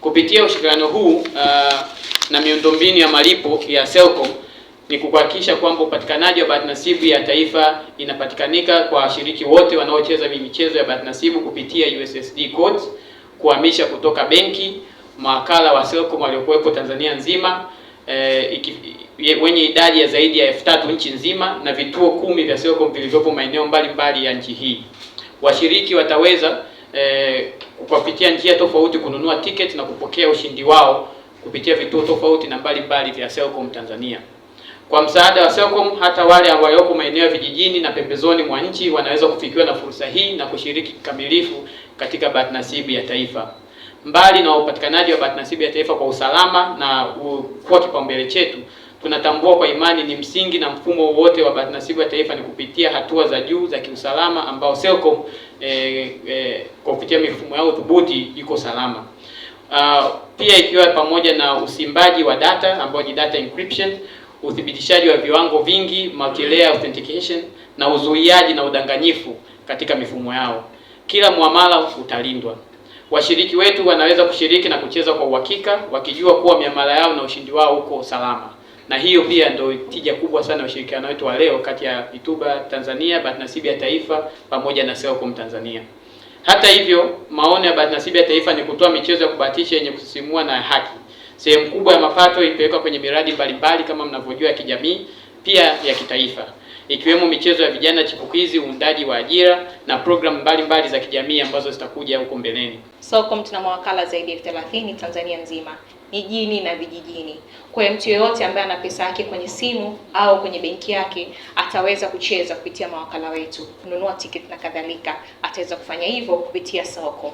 Kupitia ushirikiano huu uh, na miundombinu ya malipo ya Selcom ni kuhakikisha kwamba upatikanaji wa bahati nasibu ya taifa inapatikanika kwa washiriki wote wanaocheza michezo ya bahati nasibu kupitia USSD codes, kuhamisha kutoka benki mawakala wa Selcom waliokuwepo Tanzania nzima e, iki, wenye idadi ya zaidi ya elfu tatu nchi nzima na vituo kumi vya Selcom vilivyopo maeneo mbalimbali ya nchi hii. Washiriki wataweza e, kuwapitia njia tofauti kununua tiketi na kupokea ushindi wao kupitia vituo tofauti na mbalimbali vya Selcom Tanzania. Kwa msaada wa Selcom, hata wale walioko maeneo ya vijijini na pembezoni mwa nchi wanaweza kufikiwa na fursa hii na kushiriki kikamilifu katika bahati nasibu ya taifa. Mbali na upatikanaji wa bahati nasibu ya taifa kwa usalama na kuwa kipaumbele chetu, tunatambua kwa imani ni msingi na mfumo wote wa bahati nasibu ya taifa ni kupitia hatua za juu za kiusalama ambao Selcom e, eh, e, eh, kwa kupitia mifumo yao thubuti iko salama. Uh, pia ikiwa pamoja na usimbaji wa data ambayo ni data encryption, uthibitishaji wa viwango vingi, multi-layer authentication na uzuiaji na udanganyifu katika mifumo yao. Kila muamala utalindwa. Washiriki wetu wanaweza kushiriki na kucheza kwa uhakika wakijua kuwa miamala yao na ushindi wao uko salama na hiyo pia ndio tija kubwa sana ushirikiano wetu wa leo kati ya Vituba Tanzania, Bahati Nasibu ya Taifa pamoja na Selcom Tanzania. Hata hivyo, maono ya Bahati Nasibu ya Taifa ni kutoa michezo ya kubahatisha yenye kusisimua na haki. Sehemu kubwa ya mapato ilipelekwa kwenye miradi mbalimbali kama mnavyojua ya kijamii, pia ya kitaifa ikiwemo michezo ya vijana chipukizi, uundaji wa ajira na programu mbalimbali za kijamii ambazo zitakuja huko mbeleni. Selcom tuna mawakala zaidi ya 30 Tanzania nzima mijini na vijijini. Kwa hiyo mtu yeyote ambaye ana pesa yake kwenye simu au kwenye benki yake ataweza kucheza kupitia mawakala wetu, kununua tiketi na kadhalika, ataweza kufanya hivyo kupitia soko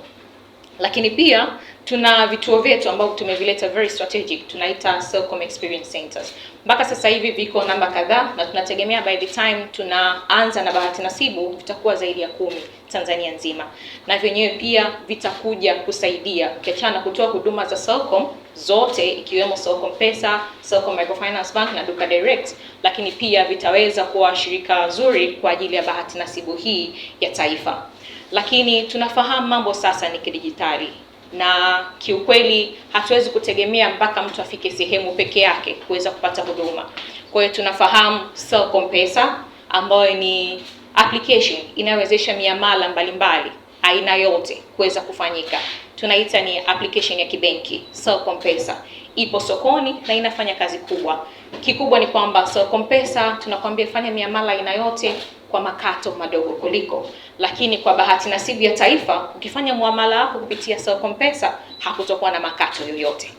lakini pia tuna vituo vyetu ambavyo tumevileta very strategic, tunaita Selcom Experience Centers. Mpaka sasa hivi viko namba kadhaa, na tunategemea by the time tunaanza na bahati nasibu vitakuwa zaidi ya kumi Tanzania nzima, na vyenyewe pia vitakuja kusaidia ukiachana kutoa huduma za Selcom zote ikiwemo Selcom Pesa, Selcom Microfinance Bank na Duka Direct, lakini pia vitaweza kuwa washirika zuri kwa ajili ya bahati nasibu hii ya taifa lakini tunafahamu mambo sasa ni kidijitali na kiukweli hatuwezi kutegemea mpaka mtu afike sehemu peke yake kuweza kupata huduma. Kwa hiyo tunafahamu Selcom Pesa ambayo ni application inayowezesha miamala mbalimbali aina yote kuweza kufanyika. Tunaita ni application ya kibenki Selcom Pesa, ipo sokoni na inafanya kazi kubwa. Kikubwa ni kwamba Selcom Pesa tunakwambia fanya miamala aina yote kwa makato madogo kuliko, lakini kwa bahati nasibu ya taifa, ukifanya muamala wako kupitia Selcom Pesa hakutokuwa na makato yoyote.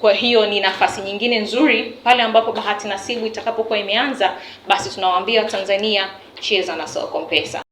Kwa hiyo ni nafasi nyingine nzuri pale ambapo bahati nasibu itakapokuwa imeanza, basi tunawaambia tanzania cheza na Selcom Pesa.